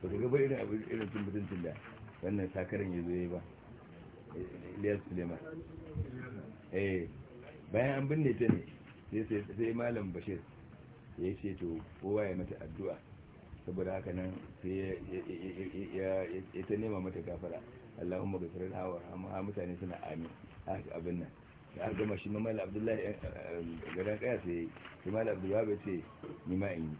ba ga gaba irin abin irin cin mutuncin da wannan sakarin ya zo ba iliyar suleiman eh bayan an binne ta ne sai malam bashir ya ce to kowa ya mata addu'a saboda haka nan sai ya ta nema mata gafara allahumma gafirar hawa ha mutane suna amin a abin nan da aka gama shi mamala abdullahi eh, eh, garan kaya sai malam mamala abdullahi bai ce ni ma in yi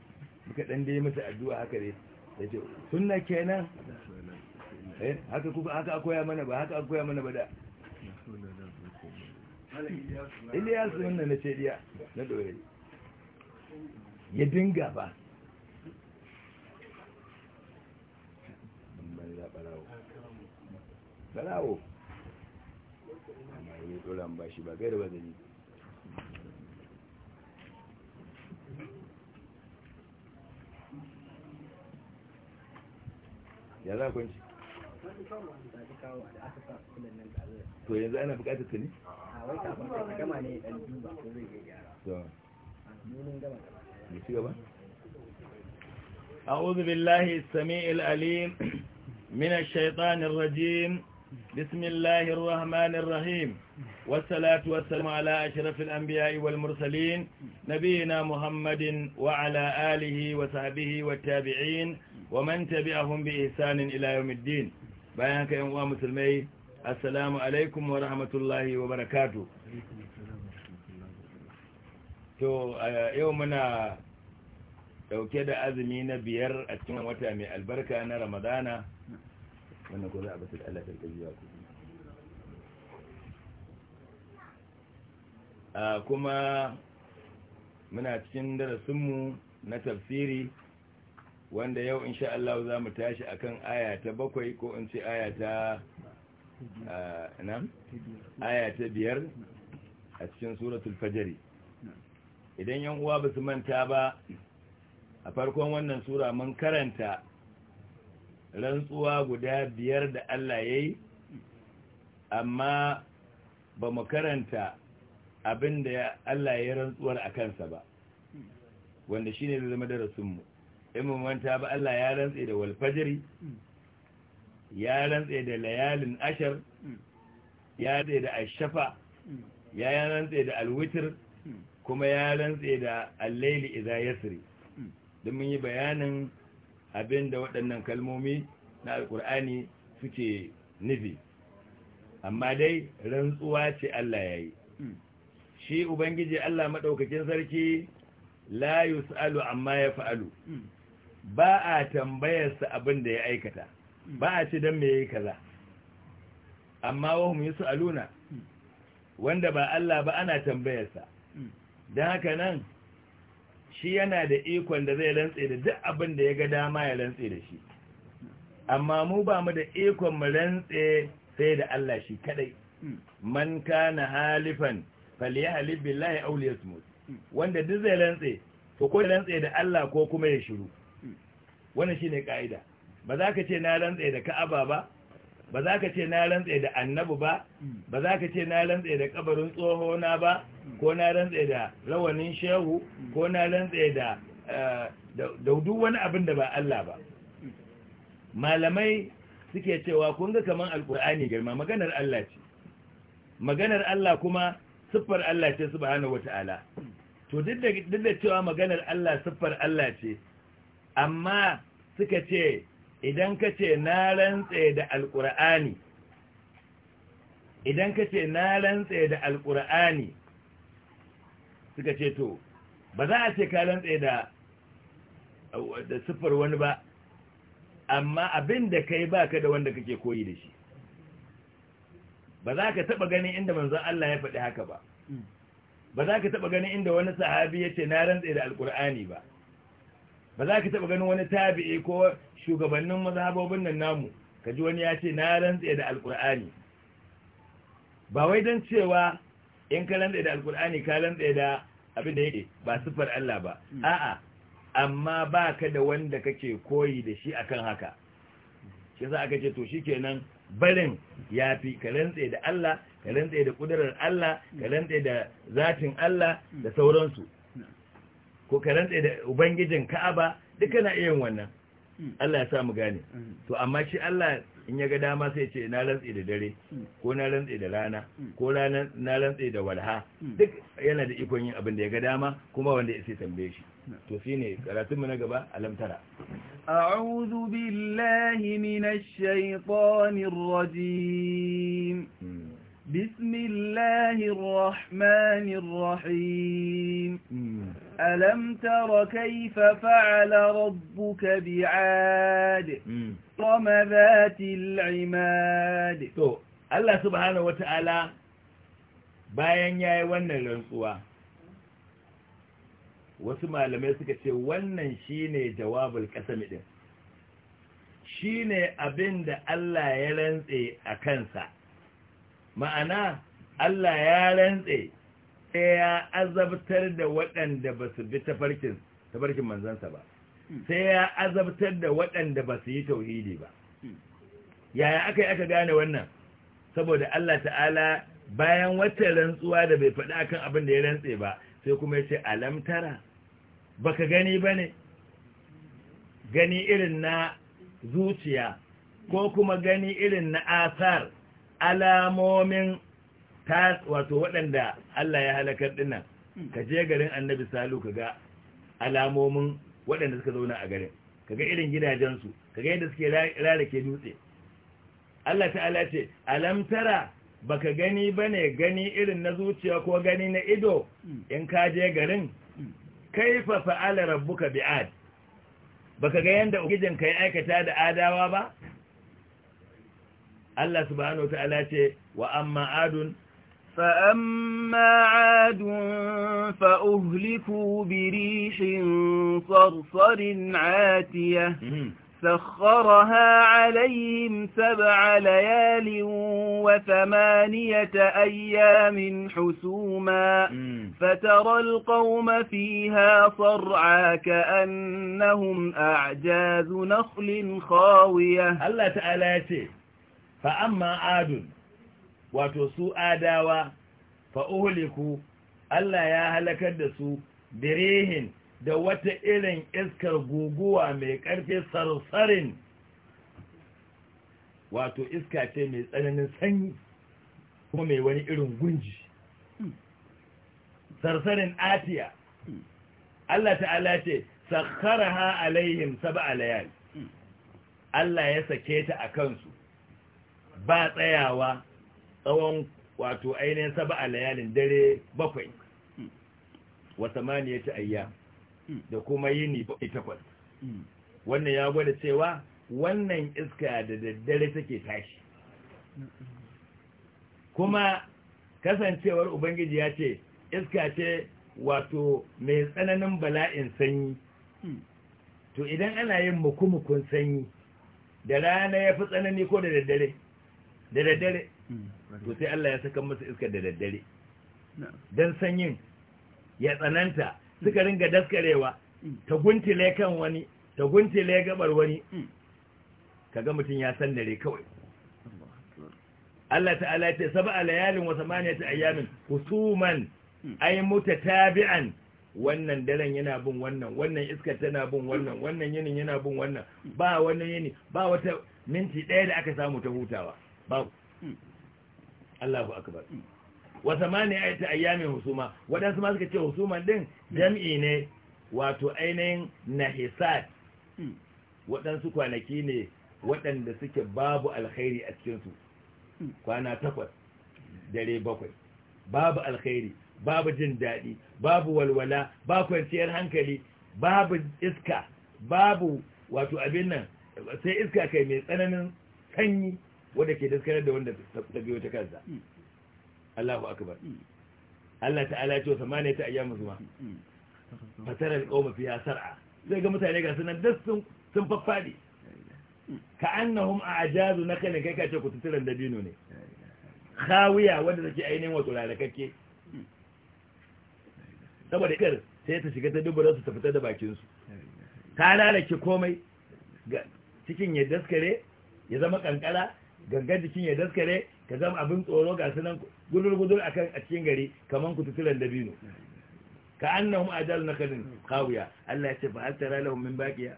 muka dan dai mata addu'a haka dai ya ce suna kenan eh, haka kuka haka mana ba haka mana ba da iliyas wannan na ce na doye ya dinga ba barawo amma yi tsoron ba shi ba gaira ba zai to yanzu ana bukatar ka ne أعوذ بالله السميع العليم من الشيطان الرجيم بسم الله الرحمن الرحيم والصلاة والسلام على أشرف الأنبياء والمرسلين نبينا محمد وعلى آله وصحبه والتابعين wa man tabi'ahum bi ihsanin ila yawmiddin bayan ka yan uwa musulmai assalamu alaikum wa rahmatullahi wa barakatuh to yau muna dauke da azumi na biyar a cikin wata mai albarka na ramadana wannan ko za a basu Allah tarkajiya ku kuma muna cikin darasinmu na tafsiri wanda yau insha Allah za mu tashi akan aya ta bakwai ko in ce aya ta ah, nan aya ta biyar a cikin suratul fajari idan yan uwa ba su manta ba a farkon wannan sura mun karanta rantsuwa guda biyar da Allah ya amma ba mu karanta abin da Allah ya rantsuwar a kansa ba wanda shi ne da zama darasinmu in mun manta ba Allah ya rantse da walfajiri ya rantse da layalin ashar ya rantse da ashafa ya rantse da alwitir kuma ya rantse da allaili idza yasri don mun yi bayanin abin da waɗannan kalmomi na alkur'ani suke nufi amma dai rantsuwa ce Allah ya yi shi ubangiji Allah maɗaukakin sarki la yus'alu amma ya fa'alu ba a tambayarsa abin da ya aikata ba a ce don me ya yi kaza amma wahum yi aluna wanda ba Allah ba ana tambayarsa don haka nan shi yana da ikon da zai rantse da duk abin da ya ga dama ya rantse da shi amma mu ba mu da ikon mu rantse sai da Allah shi kadai man kana halifan falyahlib billahi aw liyasmut wanda duk zai rantse to ko rantse da Allah ko kuma ya shiru wannan shine kaida ba za ka ce na rantsa da ka'aba ba ba za ka ce na rantsa da annabi ba ba za ka ce na rantse da kabarin na ba ko na rantsa da rawanin shehu ko na rantsa da eh, daudu wani abin da ba Allah ba malamai suke cewa kun ga kaman alkur'ani girma maganar Allah ce maganar Allah kuma siffar Allah ce subhanahu wata'ala to duk da cewa maganar Allah siffar Allah ce amma suka ce idan ka ce na rantse da alƙur'ani idan ka ce na rantse da alƙur'ani suka ce to ba za a ce ka rantse da da siffar wani ba amma abin da kai baka da wanda kake koyi da shi ba za ka taɓa ganin inda manzon Allah ya faɗi haka ba mm. ba za ka taɓa ganin inda wani sahabi ya ce na rantse da alƙur'ani ba ba za ka taɓa ganin wani tabi'i ko shugabannin mazhabobin nan namu ka ji wani ya ce na rantse da alkur'ani ba wai don cewa in ka rantsa da alkur'ani ka rantse da abin da yake ba siffar Allah ba hmm. a'a amma ba ka da wanda kake koyi da shi akan haka shi za aka ce to shikenan barin yafi ka rantsa da Allah ka rantsa da kudurar Allah ka hmm. rantsa da zatin Allah da sauransu ko ka rantse da ubangijin ka'aba duka na iya wannan Allah ya sa mu gane to amma shi Allah in ya ga dama sai ce na rantse da dare ko na rantse da rana ko rana na rantse da walha duk yana da ikon yin abin da ya ga dama kuma wanda ya sai tambaye shi to shine karatun mu na gaba tara a'udhu billahi minash shaitanir rajim hmm. بسم الله الرحمن الرحيم ألم تر كيف فعل ربك بعاد قم ذات العماد الله سبحانه وتعالى bayan ya yi wannan rantsuwa wasu malamai suka ce wannan shine jawabul kasami din shine abin da Allah ya rantse a kansa ma'ana Allah ya rantse sai ya azabtar da waɗanda ba su bi tafarkin manzansa ba hmm. sai ya azabtar da waɗanda ba su yi tauhidi ba hmm. yaya aka yi aka gane wannan saboda Allah ta'ala bayan wata rantsuwa da bai faɗi akan abin da ya rantse ba sai kuma ya ce alamtara ka gani ba ne gani irin na zuciya ko kuma gani irin na asar alamomin ta wato waɗanda Allah ya halakar dinnan ka je garin annabi salu kaga ga alamomin waɗanda suka zauna a garin kaga ga irin gidajensu ka ga yadda suke rarake dutse Allah ta'ala ce alam tara baka gani bane gani irin na zuciya ko gani na ido in ka je garin kaifa fa'ala rabbuka bi'ad baka ga yanda ka kai aikata da adawa ba Allah subhanahu wa ta'ala ce wa amma adun فأما عاد فأهلكوا بريح صرصر عاتية سخرها عليهم سبع ليال وثمانية أيام حسوما فترى القوم فيها صرعا كأنهم أعجاز نخل خاوية الله تعالى fa amma adun wato su adawa fa Allah ya halakar da su birehin da wata irin iskar guguwa mai ƙarfe sarsarin wato iska ce mai tsananin sanyi kuma mai wani irin gunji sarsarin atiya Allah ta'ala ce sakharaha alaihim sab'a layal Allah ya sake ta a kansu ba tsayawa tsawon wato ainihin saba a layalin dare bakwai wa samaniya ta ayya da kuma yini bakwai takwas wannan ya gwada cewa wannan iska da daddare take tashi kuma kasancewar ubangiji ya ce iska ce wato mai tsananin bala'in sanyi to idan ana yin mukumukun sanyi da rana ya fi tsanani ko da daddare da daddare hmm, to sai Allah ya saka musu iskar da daddare dan sanyin ya tsananta hmm. suka ringa daskarewa hmm. ta guntile kan wani ta guntile gabar wani kaga mutum ya san dare kawai Allah ta'ala ce sab'a layalin wa samaniyata ayyamin husuman ay mutatabi'an wannan daren yana bin wannan wannan iskar tana bin wannan wannan yinin yana bin wannan ba wannan yini ba wata minti ɗaya da aka samu ta hutawa babu hmm. Allahu akbar hmm. wa zamani ayati ayyamin husuma wadansu ma suka ce husuman din hmm. jam'i ne wato ainihin nahisat wadansu kwanaki ne wadanda suke babu alkhairi a cikin su kwana takwas dare bakwai babu alkhairi babu jin daɗi babu walwala babu kwanciyar hankali babu iska babu wato abin nan sai iska kai mai tsananin sanyi wanda ke daskarar da wanda ta biyo ta kansa mm. Allahu akbar mm. Allah ta'ala ya ce samaniya ta ayyamu zuma mm. fatara alqawma fiha sar'a sai ga mutane ga sunan da sun sun faffadi ka annahum a'jazu nakalin kai ka ce ku da dino ne khawiya wanda take ainihin wato lalakakke saboda kar sai ta shiga ta dubura su ta fita da bakin su ta lalace komai cikin ya daskare ya zama kankara gangan jikin ya daskare ka zama abin tsoro ga sunan gudur-gudur a cikin gari kamar kututulan dabino ka annahum ajal na kanin kawuya. Allah ya ce ba altara rai lahumin baqiya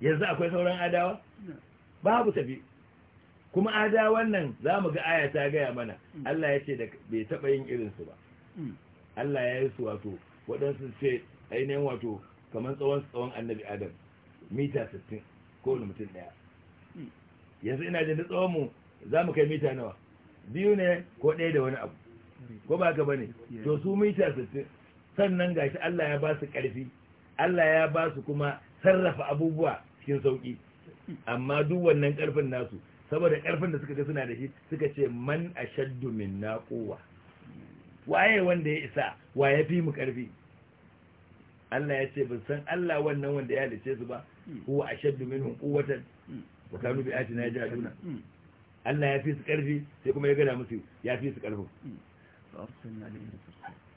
yanzu akwai sauran adawa babu tafi kuma adawan nan mu ga aya ta gaya mana Allah ya ce da bai taɓa yin irinsu ba Allah ya yi su wato waɗansu ce ainihin wato kamar tsawon tsawon annabi adam mita 60 wani mutum ɗaya yanzu ina da tsawon mu za mu kai mita nawa biyu ne ko ɗaya da wani abu ko ba ka bane to su mita sittin sannan gashi Allah ya ba su ƙarfi Allah ya ba su kuma sarrafa abubuwa cikin sauƙi amma duk wannan ƙarfin nasu saboda ƙarfin da suka ga suna da shi suka ce man ashaddu min naquwa waye wanda ya isa waye fi mu ƙarfi Allah ya ce ban san Allah wannan wanda ya halice su ba huwa ashaddu minhum quwwatan wa kanu bi ayatina yajaduna Allah ya fi su karfi sai kuma ya gada musu ya fi su karfin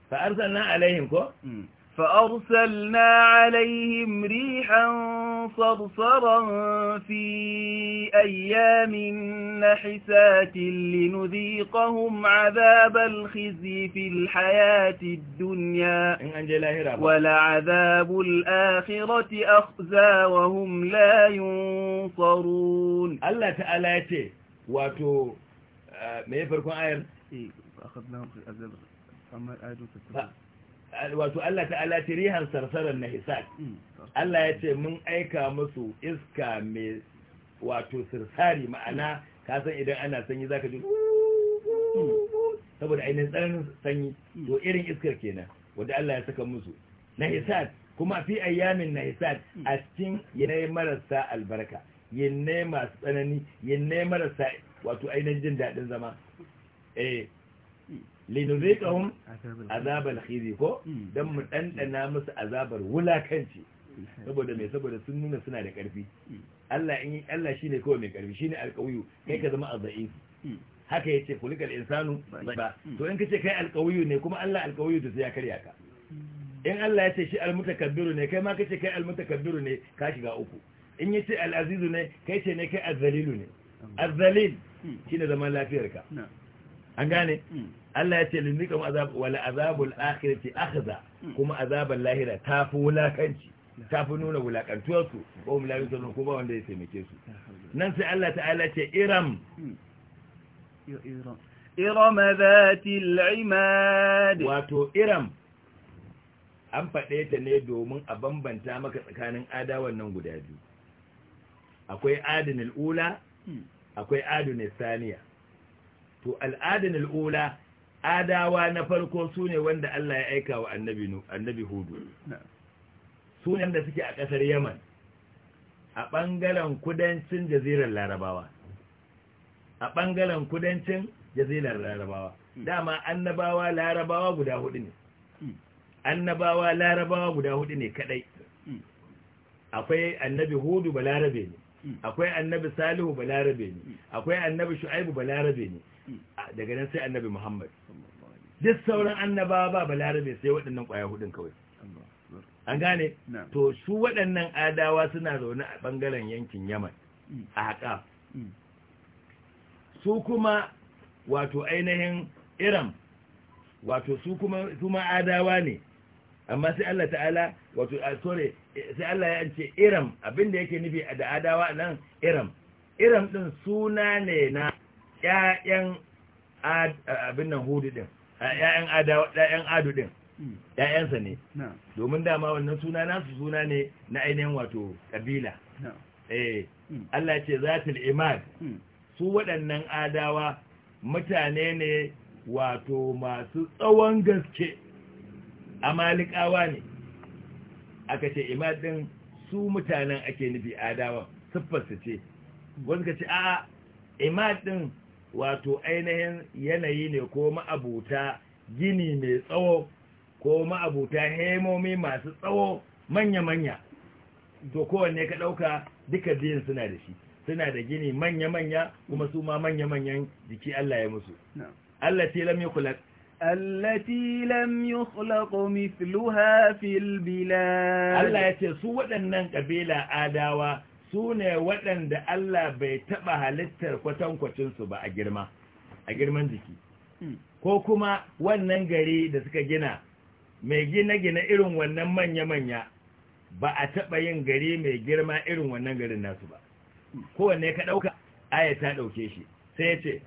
fa arsalna alaihim ko hmm. فأرسلنا عليهم ريحا صرصرا في أيام نحسات لنذيقهم عذاب الخزي في الحياة الدنيا ولعذاب الآخرة أخزى وهم لا ينصرون ألا تألاتي واتو آه، ما يفركم آير إيه، أخذناهم في الأزل الآية wato Allah ta'ala rihan sarsarar na hisab hmm. Allah ya ce mun aika musu iska mai wato sirsari ma'ana ka san idan ana sanyi zaka ji hmm. saboda ainihin tsananin sanyi hmm. to irin iskar kenan wanda Allah ya saka musu na hisab kuma fi ayyamin na hisab a cikin yanayi marasa albarka yanayi masu tsanani yanayi marasa wato ainihin jin daɗin zama eh linuzikahum azabal khizi ko dan mu dandana musu azabar wulakanci saboda me saboda sun nuna suna da karfi Allah in Allah shine kawai mai karfi shine alqawiyu kai ka zama azaif haka yace kulikal insanu ba to in kace kai alqawiyu ne kuma Allah alqawiyu to sai ya karya ka in Allah yace shi almutakabbiru ne kai ma kace kai almutakabbiru ne ka shiga uku in yace alazizu ne kai ce ne kai azzalilu ne azzalil shine zaman lafiyarka an gane Allah ya ce lulluka azab wal azabul akhirati akhza hmm. kuma azabul lahira tafi wulakanci tafi nuna wulakantuwar su ko mu lafi sunu kuma wanda ya taimake su nan sai Allah ta'ala ce hmm. iram iram zatil imad wato iram an faɗe ta ne domin a bambanta maka tsakanin adawan nan guda biyu akwai adinul ula hmm. akwai adinul saniya to al'adinul ula adawa na farko su ne wanda Allah ya aika wa annabi hudu su ne da suke a ƙasar yaman a ɓangaren kudancin jazirar larabawa a ɓangaren kudancin jazirar larabawa hmm. dama annabawa larabawa guda hudu ne hmm. annabawa larabawa guda hudu ne kadai hmm. akwai annabi hudu balarabe ne akwai annabi salihu balarabe ne akwai annabi shu'aibu balarabe ne daga nan sai annabi muhammad duk sauran annaba ba balarabe sai waɗannan ƙwaya hudun kawai an gane to su waɗannan adawa suna zaune a ɓangaren yankin yaman a haƙa mm. su kuma wato ainihin iram wato su kuma adawa ne amma sai Allah ta'ala wato sorry sai Allah ya ce iram abinda yake nufi da adawa nan iram iram din suna ne na Ya'yan abin nan hudu din ya'yan ada ƴaƴan adu din hmm. ne domin dama wannan suna nasu suna ne na ainihin wato kabila eh hmm. Allah ce zatul imad hmm. su waɗannan adawa mutane ne wato masu tsawon gaske amalikawa ne aka ce imad din su mutanen ake nufi adawa siffarsu ce wasu ka ce a imad din wato ainihin yanayi ne ko ma'abuta gini mai tsawo ko ma'abuta hemomi masu tsawo manya-manya to kowanne ka ɗauka duka biyun suna da shi suna da gini manya-manya kuma su ma manya-manyan jiki Allah ya musu Allah ce lam yukhlaq allati lam yukhlaq mithluha fil bilad Allah ya ce su waɗannan kabila adawa su ne waɗanda Allah bai taɓa halittar kwatankwacinsu ba a girma a girman jiki hmm. ko kuma wannan gari da suka gina mai gina-gina irin wannan manya-manya ba a taɓa yin gari mai girma irin wannan garin nasu ba hmm. kowanne ka ɗauka aya ta ɗauke shi sai ya ce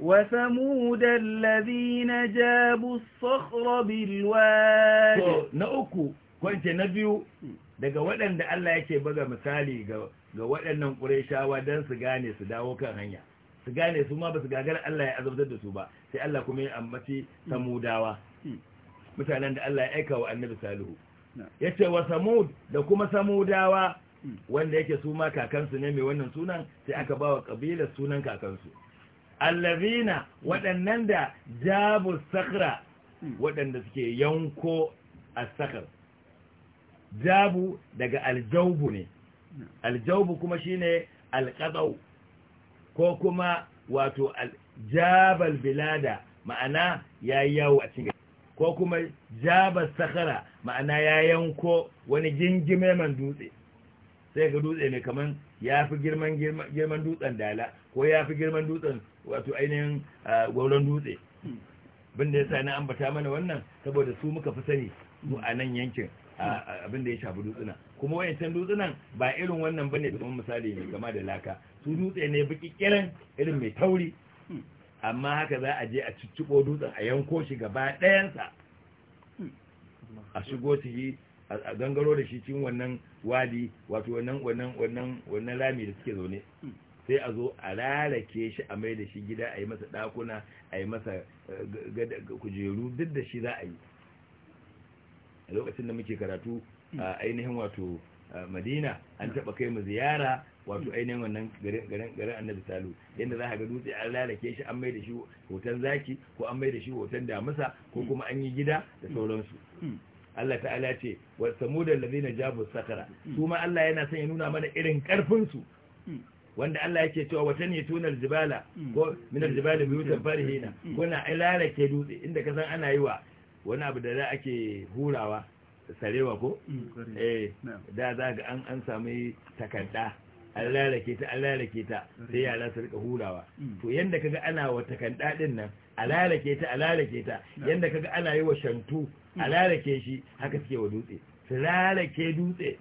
وثمود الذين جابوا الصخر بالواد na uku kwance na biyu hmm. daga waɗanda Allah yake buga misali ga waɗannan ƙureshawa don su gane su dawo kan hanya su gane su ma ba su gagar Allah ya azabtar da su ba sai Allah kuma ya ambaci samudawa mutanen da Allah ya aika wa annabi salihu ya ce wa samud da kuma samudawa wanda yake su ma kakansu ne mai wannan sunan sai aka ba wa ƙabilar sunan kakansu allazina waɗannan da jabu sakra waɗanda suke yanko a sakar jabu daga aljaubu ne aljaubu kuma shine alqadau ko kuma wato aljabal bilada ma'ana ya yawo a cikin ko kuma jabar sakara ma'ana ya yanko wani jingime man dutse sai ga dutse ne kaman ya girman girman dutsen dala ko yafi girman dutsen wato ainihin gwauron dutse hmm. bin da ya sa na ambata mana wannan saboda su muka fi sani mu a nan yankin abin da ya shafi dutsuna kuma wayancan dutsunan ba irin wannan bane kamar misali ne kama da laka su dutse ne baki kiran irin mai tauri amma haka za a je a cicciɓo dutsen a yanko shi gaba ɗayansa a shigo shi a gangaro da shi cikin wannan wadi wato wannan wannan wannan wannan rami da suke zaune sai a zo a rarake shi a mai da shi gida a yi masa ɗakuna a yi masa eh, kujeru duk da shi za a yi a lokacin da muke karatu hmm. a ainihin wato madina an taɓa kai mu ziyara wato ainihin wannan garin annabi salu yadda za a ga dutse an lalake shi an mai da shi hoton zaki ko an mai da shi hoton damusa ko hmm. kuma an yi gida da sauransu hmm. Allah ta'ala ce wa samuda allazina jabu sakara su Allah yana son ya nuna mana irin karfin su wanda Allah yake cewa wata ne tunar jibala ko minar jibala biyutan farihina kuna ilalake dutse inda ka san ana yi wa wani abu da za ake hurawa sarewa ko mm, eh da za ga an an samu takarda an lalake ta an lalake ta sai yara su rika hurawa mm. to yanda kaga ana wa takarda din nan a mm. lalake ta a lalake ta yanda kaga ana yi wa shantu a lalake shi haka suke wa dutse su lalake dutse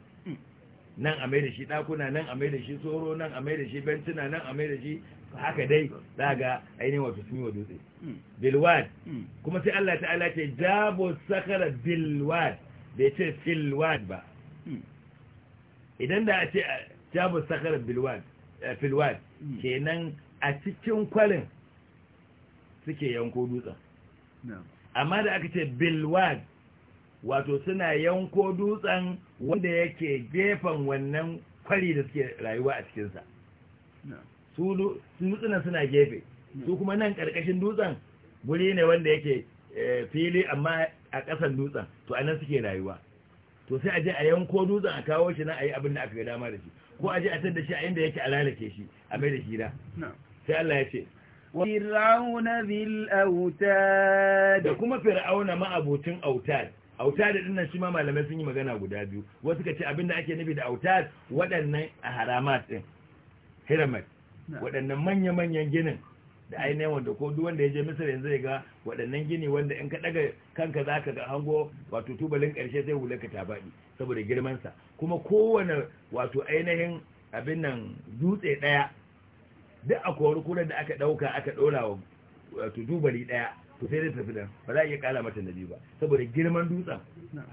nan a mai da shi ɗakuna nan a mai da shi tsoro nan a mai da shi bentuna nan a mai da shi haka dai za ga ainihin wato sun yi wa dutse hmm. bilwad hmm. kuma sai Allah ta'ala ce jabo sakara bilwad bai ce filwad ba hmm. idan da a ce jabo sakara bilwad eh, filwad kenan a cikin kwarin suke yanko dutsen amma da aka ce bilwad wato suna yanko dutsen wanda yake gefen wannan kwari da suke rayuwa a cikinsa su dutsunan suna gefe su kuma nan karkashin dutsen guri ne wanda yake eh, fili amma a ƙasan dutsen to a nan suke rayuwa to sai a je a yanko dutsen a kawo shi nan a yi abin da aka yi dama da shi ko a je a tadda shi a inda yake a lalace shi a mai da hira sai Allah ya ce fir'auna da kuma fir'auna ma'abucin autad autad din nan shi ma malamai sun yi magana guda biyu wasu ka ce da ake nufi da autad waɗannan a haramat din hiramat waɗannan manya-manyan ginin da ainihin wanda ko duk wanda ya je misir yanzu ya ga waɗannan gini wanda in ka ɗaga kanka za ka ga hango wato tubalin ƙarshe sai hular ka tabaɗi saboda girmansa kuma kowane wato ainihin abin nan dutse ɗaya duk a kori da aka ɗauka aka ɗora wa wato dubali ɗaya to sai dai tafi nan ba za a iya ƙara mata nabi ba saboda girman dutsen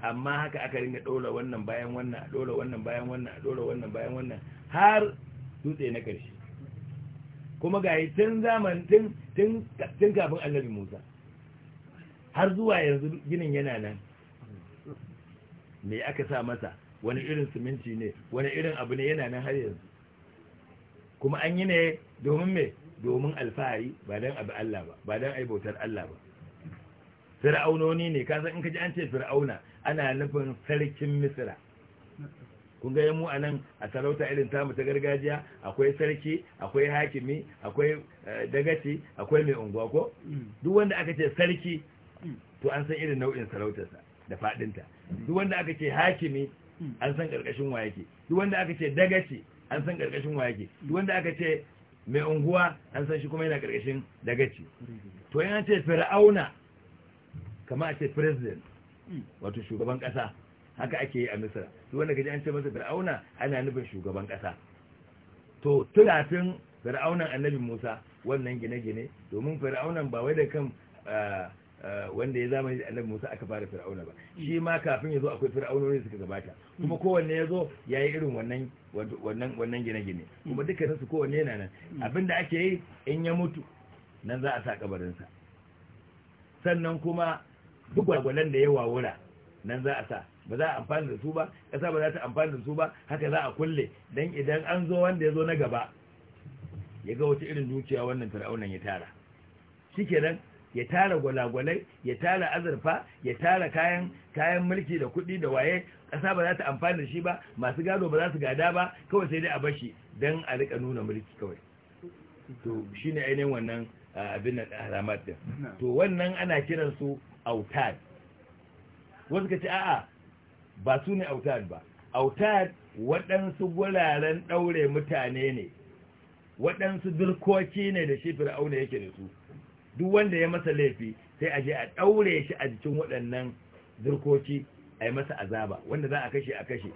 amma haka aka ringa ɗora wannan bayan wannan a ɗora wannan bayan wannan a ɗora wannan bayan wannan har dutse na ƙarshe kuma ga yi tun zaman tun kafin annabi musa har zuwa yanzu ginin yana nan me aka sa masa wani irin siminti ne wani irin abu ne yana nan har yanzu kuma an yi ne domin me domin alfahari ba don abu Allah ba ba don aibautar Allah ba fir'aunoni ne kasan in ka an ce fir'auna ana nufin sarkin misira kun ga mu a nan a sarauta irin tamu ta gargajiya akwai sarki akwai hakimi akwai eh, dagaci akwai mai unguwa ko mm. duk wanda aka ce sarki mm. to an san irin nau'in sarautarsa da fadinta mm. duk wanda aka ce hakimi an san karkashin wa yake duk wanda aka ce dagaci an san karkashin wa yake duk wanda aka ce mai unguwa an san shi kuma yana karkashin dagaci to yana ce fir'auna kamar a ce president wato shugaban kasa haka ake yi a misira su wanda kaji an ce masa fir'auna ana nufin shugaban kasa to tunafin fir'aunan annabi musa wannan gine-gine domin fir'aunan ba wai da kan wanda ya zama annabi musa aka fara fir'auna ba shi ma kafin ya zo akwai fir'aunoni suka gabata kuma kowanne ya zo ya yi irin wannan gine-gine kuma dukkanin su kowanne yana nan abinda ake yi in ya mutu nan za a sa kabarinsa sannan kuma duk gwagwalen da ya wawura nan za a sa ba za a amfani da su ba ƙasa ba za ta amfani da su ba haka za a kulle don idan an zo wanda ya zo na gaba ya ga wata irin dukiya wannan fir'aunan ya tara shikenan ya tara gwalagwalai ya tara azurfa ya tara kayan kayan mulki da kuɗi da waye ƙasa ba za ta amfani da shi ba masu gado ba za su gada ba kawai sai dai a bashi don a rika nuna mulki kawai to shine ainihin wannan ah, abin da haramat din to wannan ana kiransu autad wasu ka ce a'a ba su ne autad ba autad waɗansu guraren ɗaure mutane ne waɗansu durkoki ne da shi fir'auna yake da su duk wanda ya masa laifi sai a je a ɗaure shi a jikin waɗannan durkoki a yi masa azaba wanda za a kashe a kashe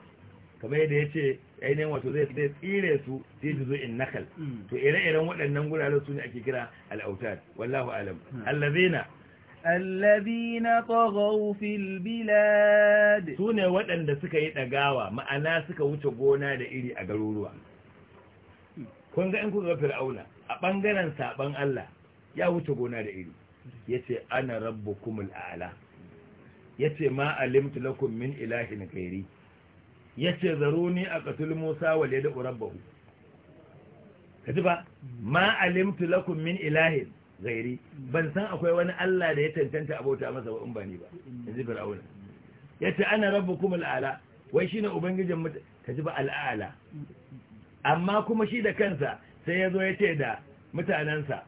kamar yadda ya ce ainihin wato zai zai tsire su sai su zo in nakal mm. to ire-iren waɗannan guraren su ne ake kira al'autar wallahu alam mm. allazina الذين طغوا في البلاد سوني ودن suka yi dagawa ma'ana suka wuce gona da iri a garuruwa kun ga in kuka fir'auna a bangaren saban Allah ya wuce gona da iri yace ana rabbukumul a'la yace ma alimtu lakum min ilahin ghairi yace zaruni aqtul musa wal yad'u rabbahu kaji ba ma alimtu lakum min ilahin gairi ban san akwai wani Allah da ya tantanta abota masa ba in ba ni ba yanzu fir'auna yace ana rabbukum al'ala wai shine ubangijin mu ji ba al'ala amma kuma shi da kansa sai yazo yace da mutanansa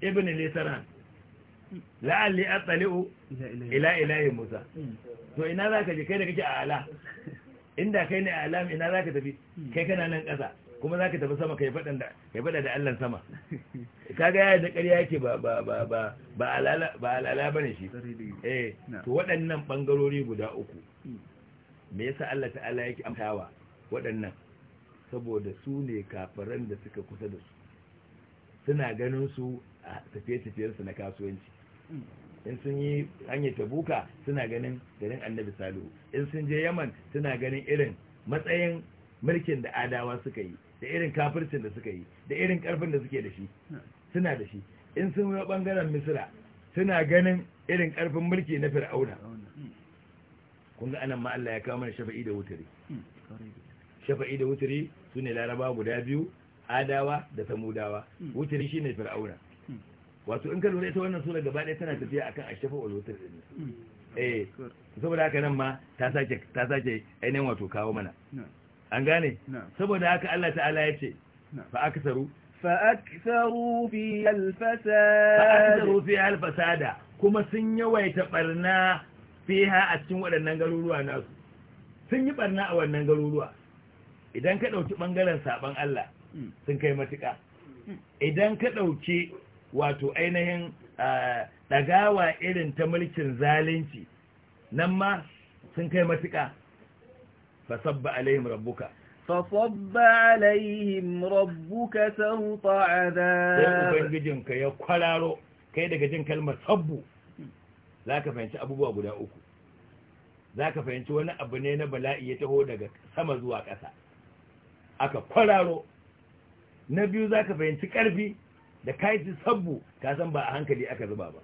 ibn lisaran la'alli tsali'u ila ilahi musa to ina zaka je kai da kake a ala inda kai ne a alam ina zaka tafi kai kana nan kasa kuma za ka tafi sama ka yi faɗa da allan sama ka ga ya da ƙarya yake ba alala ba ne shi eh to waɗannan ɓangarori guda uku me yasa allah ta ta'ala yake amtawa waɗannan saboda su ne kafaran da suka kusa da su suna ganin su a tafiye-tafiyarsu na kasuwanci in sun yi hanyar tabuka suna ganin garin annabi salihu in sun je yaman suna ganin irin matsayin mulkin da adawa suka yi da irin kafircin da suka yi da irin karfin da suke da shi suna da shi in sun yi bangaren misira suna ganin irin karfin mulki na fir'auna kun ga anan ma Allah ya kawo mana shafa'i da wutari shafa'i da wutari su ne laraba guda biyu adawa da samudawa wutari shi ne fir'auna wato in ka lura ita wannan sura gaba ɗaya tana tafiya akan ashafa wal wutar eh saboda haka nan ma ta sake ta sake ainihin wato kawo mana an gane saboda haka Allah ta'ala ya ce fa aksaru fa aksaru fi alfasada fa fi alfasada kuma sun yawaita barna fiha a cikin waɗannan garuruwa nasu sun yi barna a wannan garuruwa idan ka dauki bangaren saban Allah hmm. sun kai matuƙa idan ka dauki wato ainihin dagawa eh, irin ta mulkin zalunci nan ma sun kai matuƙa fasabba alaihim rabbuka fasabba alaihim rabbuka sauta azab sai ubangijinka ya kwararo kai daga jin kalmar sabbu zaka fahimci abubuwa guda uku zaka fahimci wani abu ne na bala'i ya taho daga sama zuwa ƙasa aka kwararo na biyu zaka fahimci ƙarfi da kaji sabbu ka san ba a hankali aka zuba ba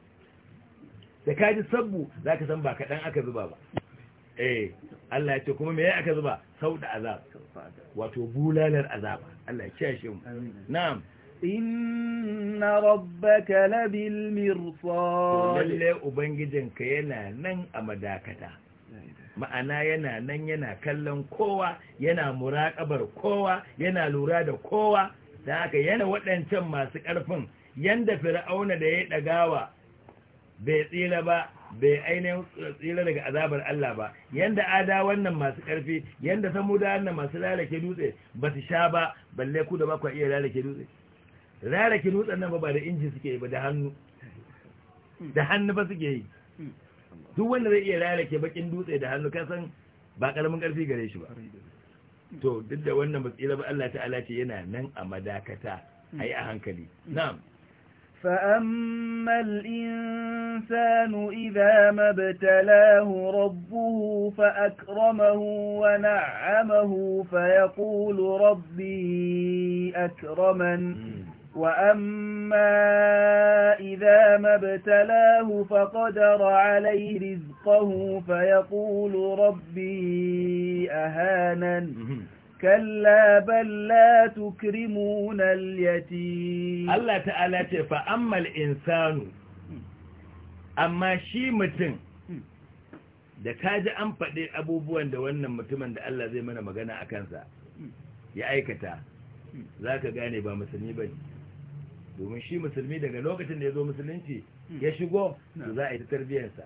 da kaji sabbu zaka san ba kaɗan aka zuba ba eh Allah ya ce kuma me aka zuba sau da azab wato bulalar azaba Allah ya kiyashe mu na'am inna rabbaka labil mirsad lalle ka yana nan a madakata ma'ana yana nan yana kallon kowa yana muraƙabar kowa yana lura da kowa da haka yana waɗancan masu ƙarfin yanda fir'auna da ya ɗagawa bai tsira ba bai ainihin tsira daga azabar Allah ba yanda ada wannan masu karfi yanda samuda wannan masu lalake dutse ba su sha ba balle ku da baku iya lalake dutse lalake dutsen nan ba da inji suke yi ba da hannu da hannu ba suke yi duk wanda zai iya lalake bakin dutse da hannu kasan ba karamin karfi gare shi ba to duk da wannan ba tsira ba Allah ta'ala ce yana nan a madakata ayi a hankali na'am فأما الإنسان إذا ما ابتلاه ربه فأكرمه ونعمه فيقول ربي أكرمن وأما إذا ما ابتلاه فقدر عليه رزقه فيقول ربي أهانن كلا بل لا تكرمون اليتيم الله تعالى فأما الإنسان أما شي متن da kaji an faɗi abubuwan da wannan mutumin da Allah zai mana magana a kansa ya aikata za ka gane ba musulmi ba ne domin shi musulmi daga lokacin da ya zo musulunci ya shigo za a yi ta tarbiyyarsa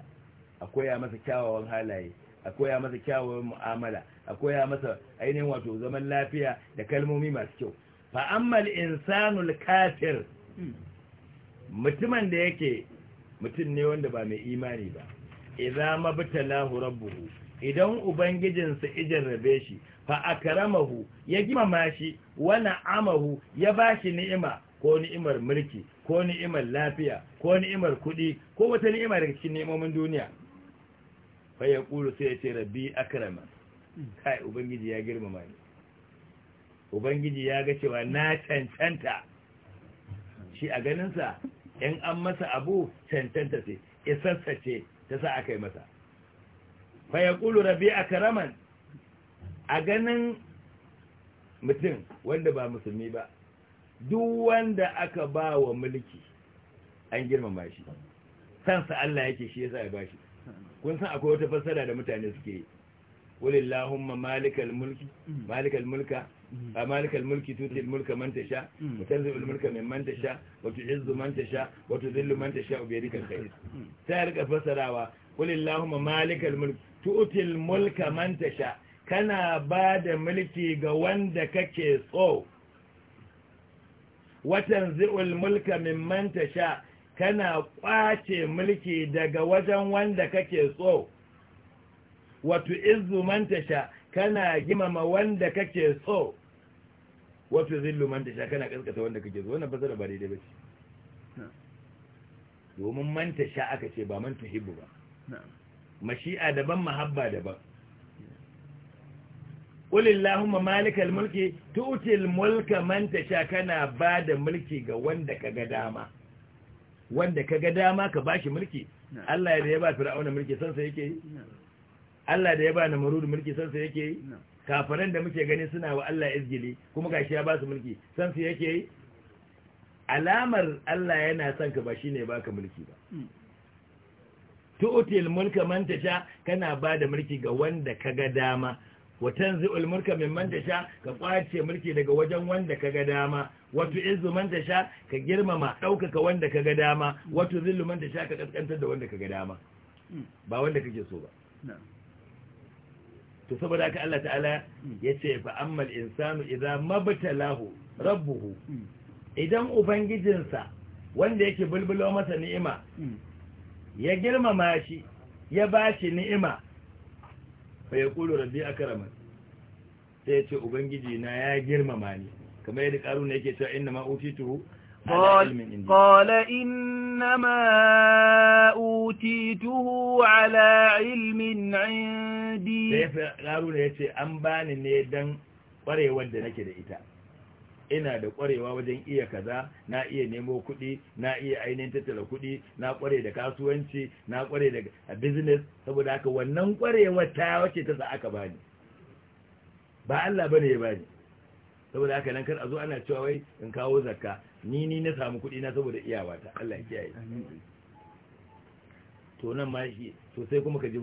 a koya masa kyawawan halaye a koya masa kyawawan mu'amala a koya masa ainihin wato zaman lafiya da kalmomi masu kyau fa insanul kafir mutumin da yake mutum ne wanda ba mai imani ba idza mabtalahu rabbuhu idan ubangijinsa ijarrabe shi fa akramahu ya gimama shi wa amahu ya shi ni'ima ko ni'imar mulki ko ni'imar lafiya ko ni'imar kuɗi ko wata ni'imar daga cikin ni'imomin duniya fa yaqulu sai ya ce rabbi akraman kai ubangiji ya girmama ni ubangiji ya ga cewa na cancanta shi a ganinsa in an masa abu cancanta ce isassa ce ta sa aka yi masa fa ya ƙulu rabi a karaman a ganin mutum wanda ba musulmi ba duk wanda aka ba wa mulki an girmama shi sansa Allah yake shi yasa ya bashi kun san akwai wata fassara da mutane suke yi walillahumma malikal mulki mm. malikal mulka mm. a malikal mulki tuti mulka man tasha mm. wa tanzilul mulka min man tasha wa tu'izzu man tasha wa tuzillu man tasha bi yadika alkhair ta rika fasarawa walillahumma malikal mulki tuti mulka man tasha kana bada mulki ga wanda kake so wa tanzilul mulka min man tasha kana kwace mulki daga wajen wanda kake so wato izu man tasha kana gimama wanda kake so wato zillu man tasha kana kaskata wanda kake so wannan fasara ba daidai ce. domin man tasha aka ce ba man tuhibbu ba mashi'a daban mahabba daban Ƙulillahumma malikal mulki tutil mulka man tasha kana ba da mulki ga wanda ka ga dama. Wanda ka ga dama ka ba shi mulki, Allah ya da ya ba fir'auna mulki sai yake yi. Allah da ya ba Namrud mulki san sa yake yi kafaran da muke gani suna wa Allah izgili kuma gashi ya ba su mulki san sa yake yi alamar Allah yana son ka ba shine baka mulki ba hmm. tu'til mulka man tasha kana ba da mulki ga wanda kaga dama wa tanzi'ul mulka ta tasha ka kwace mulki daga wajen wanda kaga dama wato izu man tasha ka girmama daukaka wanda kaga dama wato zillu man tasha ka kaskantar da wanda kaga dama hmm. ba wanda kake so ba to saboda haka Allah ta'ala ya ce fa ammal insanu idan mabtalahu rabbuhu idan ubangijinsa wanda yake bulbulo masa ni'ima ya girmama shi ya ba shi ni'ima fa ya kulu rabbi akrama sai ya ce ubangiji na ya girmama ni kamar yadda karuna yake cewa inna ma utitu قال, قال إنما أوتيته على علم عندي قالوا لي يتي أنباني نيدن قريوة كده إتا ina da kwarewa wajen iya kaza na iya nemo kuɗi na iya ainihin tattala kuɗi na kware da kasuwanci na kware da business saboda haka wannan kwarewa ta wace ta sa aka bani ba Allah bane ya bani saboda haka nan kar a zo ana cewa wai in kawo zakka ni ni na samu kuɗi na saboda iyawata Allah ya kiyaye to nan ma shi to sai kuma ka ji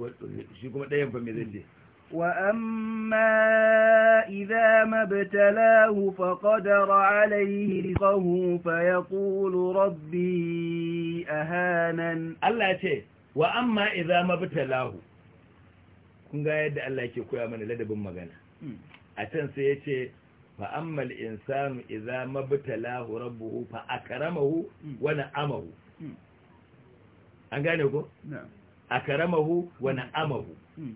shi kuma ɗayan fa me zai je. wa amma idza mabtalahu faqadara alayhi rizqahu fayaqulu rabbi ahanan Allah ya ce wa amma idza mabtalahu kun ga yadda Allah yake koya mana ladabin magana hmm. a can sai ya ce fa ammal insanu idza mabtalahu rabbuhu fa akramahu wa na'amahu an gane ko akramahu wa na'amahu hmm.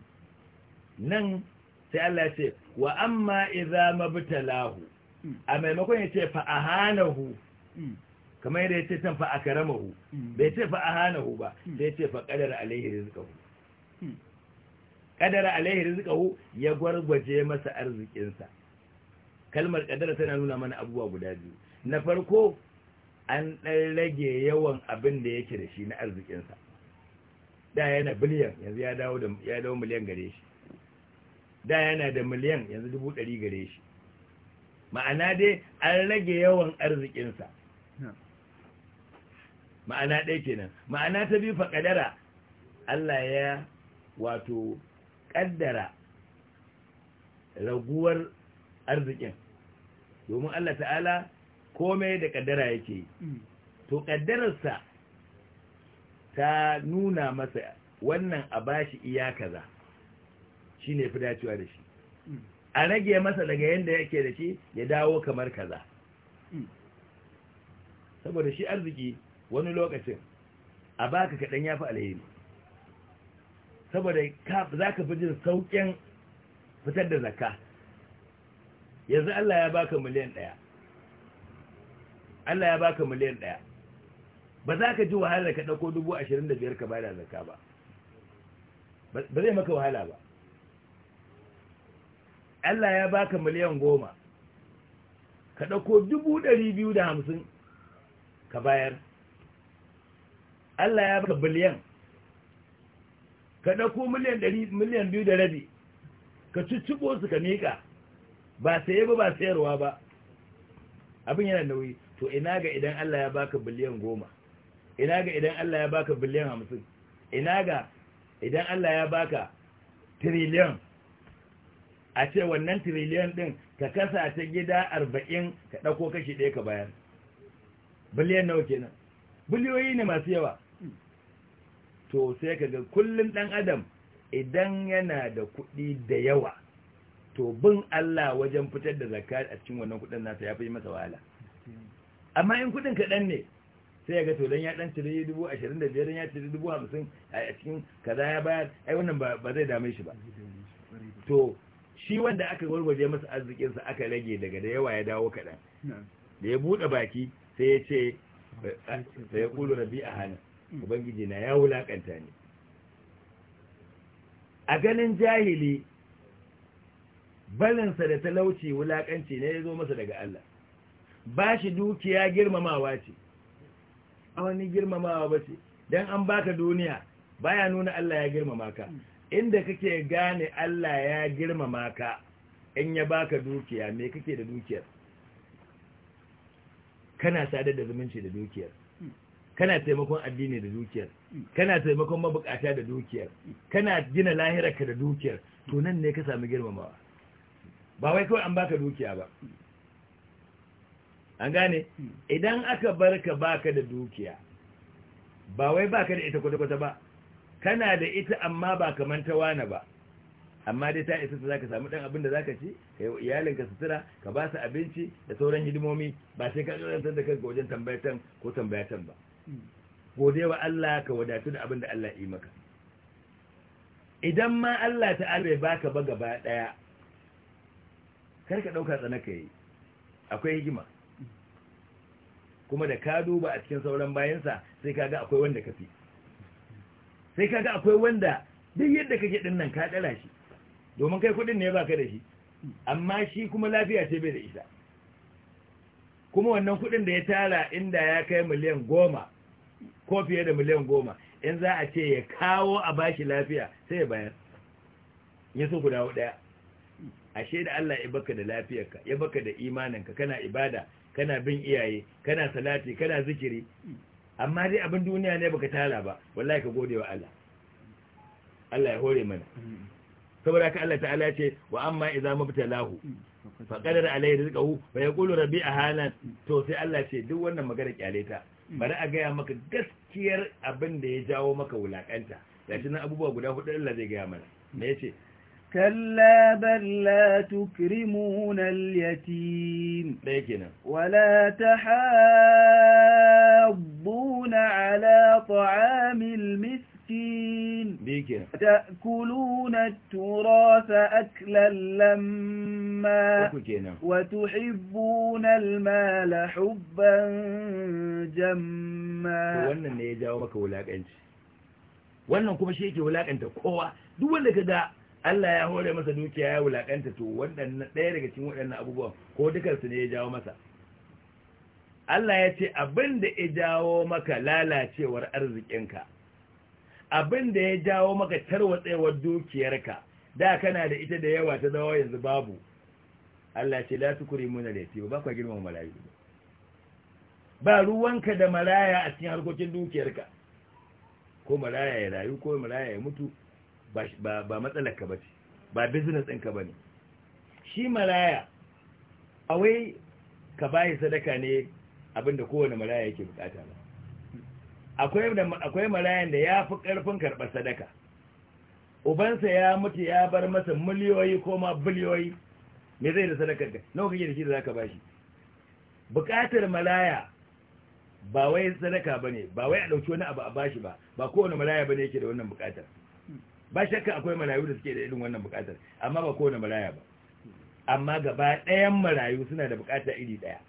nan sai Allah ya ce wa amma idza mabtalahu hmm. a maimakon ya ce fa ahanahu hmm. kamar yadda ya ce can fa akramahu bai ce fa ahanahu ba sai ya ce fa qadara alaihi rizqahu qadara alaihi rizqahu ya gwargwaje masa arzikinsa kalmar kadara tana nuna mana abubuwa guda biyu na farko an ɗan rage yawan abin da yake da shi na arzikinsa da yana biliyan yanzu ya dawo da ya dawo miliyan gare shi da yana da miliyan yanzu dubu ɗari gare shi ma'ana dai an rage yawan arzikinsa ma'ana ɗaya kenan ma'ana ta biyu fa kadara Allah ya wato kaddara raguwar arzikin domin Allah ta'ala komai da kaddara yake mm. to kaddararsa ta nuna masa wannan a bashi iya kaza shine fi dacewa da shi mm. a rage masa daga yanda yake da shi ya dawo kamar kaza mm. saboda shi arziki wani lokacin a baka kaɗan ya fi alheri saboda za ka fi jin sauƙin fitar da zakka yanzu Allah ya baka miliyan ɗaya Allah ya baka miliyan ɗaya ba za ka ji wahala ka ɗauko dubu ashirin da biyar ka ba da zaka ba ba zai maka wahala ba Allah ya baka miliyan goma ka ɗauko dubu ɗari biyu da hamsin ka bayar Allah ya baka biliyan ka ɗauko miliyan biyu da rabi ka cicciɓo su ka miƙa ba saye ba ba sayarwa ba abin yana nauyi to ina ga idan Allah ya baka biliyan goma ina ga idan Allah ya baka biliyan hamsin ina ga idan Allah ya baka tiriliyan a ce wannan tiriliyan din ka kasa ta gida arba'in ka ɗauko kashi ɗaya ka bayar biliyan nawa kenan biliyoyi ne masu yawa to sai ka ga kullum ɗan adam idan yana da kuɗi da yawa to bin Allah wajen fitar da zakka a cikin wannan kudin nasa ya fi masa wahala amma in kudin kaɗan ne sai ya ga to dan ya dan cire dubu dan ya cire dubu a cikin kaza ya bayar ai wannan ba zai dame shi ba to shi wanda aka gurgurje masa arzikin sa aka rage daga da yawa ya dawo kaɗan da ya buɗe baki sai ya ce sai ya ƙulu rabi a hana ubangiji na ya wulakanta ne a ganin jahili barinsa da talauci wulakanci ne ya zo masa daga Allah ba shi dukiya girmamawa ce a wani girmamawa ba ce don an baka duniya baya nuna Allah ya girmama ka inda kake gane Allah ya girmama ka in ya baka dukiya me kake da dukiyar kana sadar da zumunci da dukiyar kana taimakon addini da dukiyar kana taimakon mabukata da dukiyar kana gina lahirarka da dukiyar to nan ne ka sami girmamawa ba wai kawai an baka dukiya ba an gane idan aka barka baka da dukiya ba wai baka da ita kwata-kwata ba kana da ita amma ba kamar ta wane ba amma dai ta isa za ka samu dan abin da za ka ci ka yi iyalinka sutura ka ba su abinci da sauran hidimomi ba sai ka ƙarfantar da kanka wajen tambayatan ko tambayatan ba gode wa Allah ka wadatu da abin da Allah yi maka idan ma Allah ta'ala bai baka ba gaba ɗaya kar ka ɗauka tsana ka yi akwai hikima kuma da ka duba a cikin sauran bayansa sai kaga akwai wanda kafi sai kaga akwai wanda duk yadda kake din nan ka dala shi domin kai kudin ne baka da shi amma shi kuma lafiya ce bai da isa kuma wannan kudin da ya tara inda ya kai miliyan goma ko fiye da miliyan goma in za a ce ya kawo a bashi lafiya sai ya bayar ya so guda dawo daya ashe da Allah ya baka da ka ya baka da imanin ka kana ibada kana bin iyaye kana salati kana zikiri amma dai abin duniya ne baka tara ba wallahi ka gode wa Allah Allah ya hore mana saboda ka Allah ta'ala ce wa amma idza mubtalahu fa qadara alayhi rizqahu fa yaqulu rabbi ahana to sai Allah ce duk wannan magana kyale ta bari a gaya maka gaskiyar abin da ya jawo maka wulakanta gashi nan abubuwa guda hudu Allah zai gaya mana me yace كلا بل لا تكرمون اليتيم بيكنا. ولا تحاضون على طعام المسكين بيكنا. تأكلون التراث أكلا لما بيكنا. وتحبون المال حبا جما وانا نيجا ومكولاك انت وانا نكوما شيكي ولاك انت قوة دولك دا Allah ya hore masa dukiya ya wulakanta to waɗannan ɗaya daga cikin waɗannan abubuwa ko dukansu ne ya jawo masa Allah ya ce abin da ya jawo maka lalacewar arzikinka abin da ya jawo maka tarwatsewar dukiyarka da kana da ita da yawa ta zawo yanzu babu Allah ce la tukuri muna da ba ka girmama marayu ba ruwanka da maraya a cikin harkokin dukiyarka ko maraya ya rayu ko maraya ya mutu ba matsalarka ba ce ba business ɗinka ba ne shi malaya a wai ka bayi sadaka ne abinda kowane malaya yake bukata ba akwai malayan da ya fi ƙarfin karɓar sadaka ubansa ya mutu ya bar masa miliyoyi ko ma biliyoyi me zai da sadakar ka nawa kake da shi da ba bashi bukatar malaya ba wai sadaka ba ne, ba wai a ɗauki wani abu a bashi ba ba kowane malaya ba ne yake da wannan bukatar ba shakka akwai marayu da suke da irin wannan bukatar amma ba kowane maraya ba amma gaba ɗayan marayu suna da bukata iri ɗaya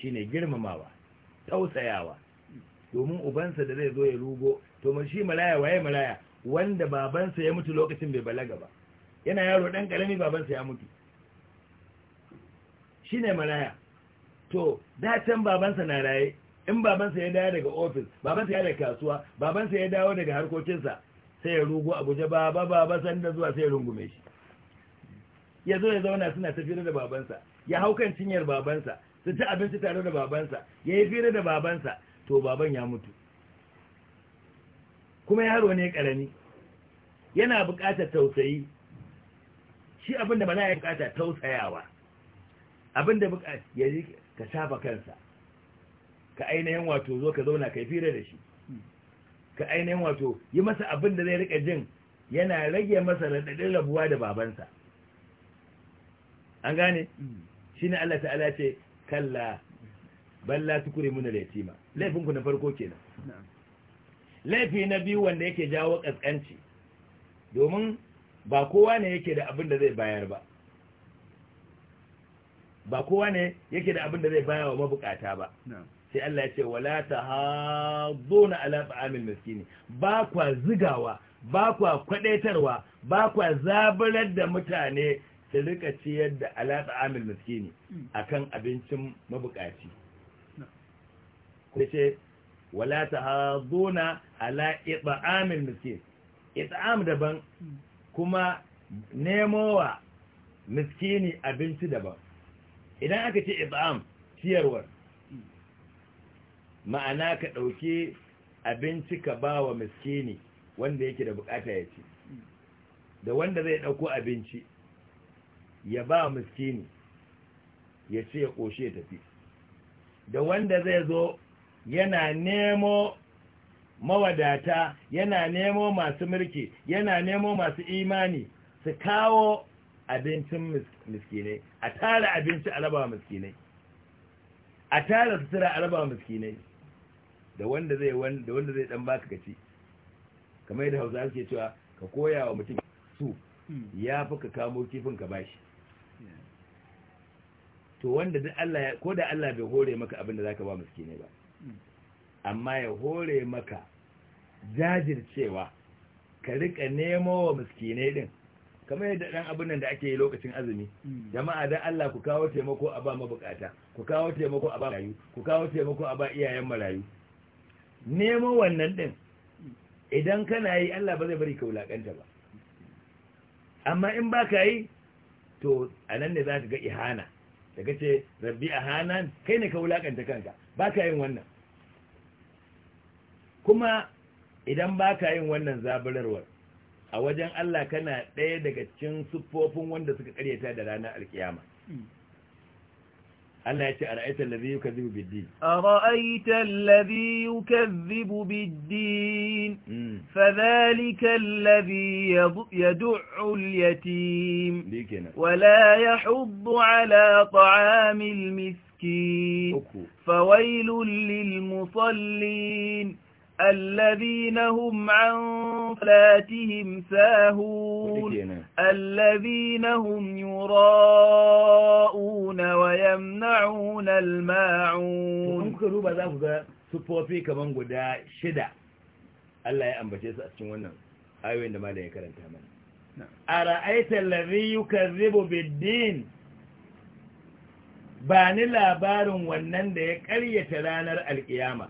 Shi ne girmamawa tausayawa domin ubansa da zai zo ya rugo to shi maraya waye maraya wanda babansa ya mutu lokacin bai balaga ba yana yaro ɗan ƙarami babansa ya mutu Shi ne maraya to da babansa na raye in babansa ya dawo daga ofis babansa ya daga kasuwa babansa ya dawo daga harkokinsa sai ya ba ba ba baba baba sanda zuwa sai ya rungume shi ya zo ya zauna suna ta fira da babansa ya hau kan cinyar babansa su ci abinci tare da babansa ya yi fira da babansa to baban ya mutu kuma yaro ne karami yana buƙatar tausayi shi abin da bala ya buƙata tausayawa abin da buƙata ya ka shafa kansa ka ainihin wato zo ka zauna kai fira da shi ka ainihin wato yi masa abin da zai rika jin yana rage masa raɗaɗin rabuwa da babansa an gane shi ne Allah ta'ala ce kalla balla tukure muna laitima laifinku na farko kenan laifi na biyu wanda yake jawo ƙasƙanci domin ba kowa ne yake da abin da zai bayar ba ba kowa ne yake da abin da zai bayar wa mabukata ba sai Allah ya ce wala tahaduna ala ta'amil miskini ba kwa zigawa ba kwa kwadaitarwa ba kwa zabarar da mutane su rika ciyar da ala ta'amil miskini akan abincin mabukaci ce wala tahaduna ala it'amil miskini it'am daban kuma nemowa miskini abinci daban idan aka ce it'am ciyarwar ma'ana ka ɗauki abinci ka ba wa miskini wanda yake da bukata ya ci da wanda zai ɗauko abinci ya ba miskini ya ce ya ƙoshe ya tafi da wanda zai zo yana nemo mawadata yana nemo masu mulki yana nemo masu imani su kawo abincin miskinai a tara abinci a raba miskinai a tara sutura a raba miskinai da wanda zai da wanda zai dan baka kaci kamar yadda Hausa yake cewa ka koya wa mutum su ya fi ka kamo kifin ka bashi to wanda duk Allah ko da Allah bai hore maka abin da zaka ba miskine ba amma ya hore maka jajircewa ka rika nemo wa miskine din kamar yadda dan abin nan da ake yi lokacin azumi jama'a dan Allah ku kawo taimako a ba mabukata ku kawo taimako a ba rayu ku kawo taimako a ba iyayen marayu nemo wannan ɗin idan kana yi Allah ba zai bari ka wulaƙanta ba amma in ba ka yi to a nan ne za ka ga ihana daga ce rabbi a hanan kai ne ka wulaƙanta kanka ba ka yin wannan kuma idan ba ka yin wannan zaburarwar a wajen Allah kana ɗaya daga cikin siffofin wanda suka karyata da ranar alkiyama الله يأتي أرأيت الذي يكذب بالدين أرأيت الذي يكذب بالدين فذلك الذي يدع اليتيم ولا يحض على طعام المسكين فويل للمصلين الذين هم عن صلاتهم ساهون الذين هم يراءون ويمنعون الماعون kuka duba za ku ga sufofi kaman guda shida Allah ya ambace su a cikin wannan ayoyin da ya karanta mana allazi yukazzibu ba ni labarin wannan da ya karyata ranar alkiyama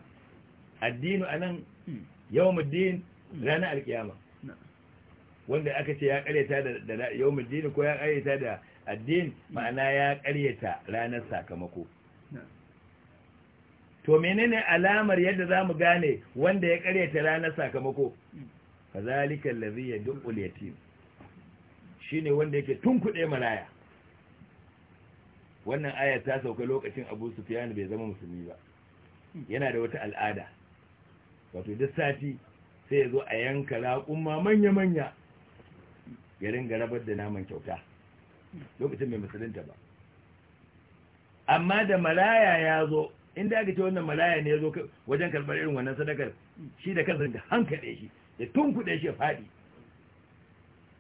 addinu anan yawmuddin ranar alkiyama wanda aka ce ya karyata da yawmuddin ko ya karyata da addin ma'ana ya karyata ranar sakamako to menene alamar yadda za mu gane wanda ya karyata ranar sakamako hmm. kazalika duk uletin. Shi ne wanda yake tun kuɗe maraya wannan ayar ta sauka lokacin Abu Sufyan bai zama musulmi ba hmm. yana da wata al'ada wato duk sati sai ya zo a yanka raƙumma manya-manya ya ringa rabar da naman kyauta lokacin mai musulunta ba amma da maraya ya zo inda aka ce wannan malaya ne ya zo wajen karɓar irin wannan sadakar shi da kansa da hankali shi da tunkuɗe shi ya faɗi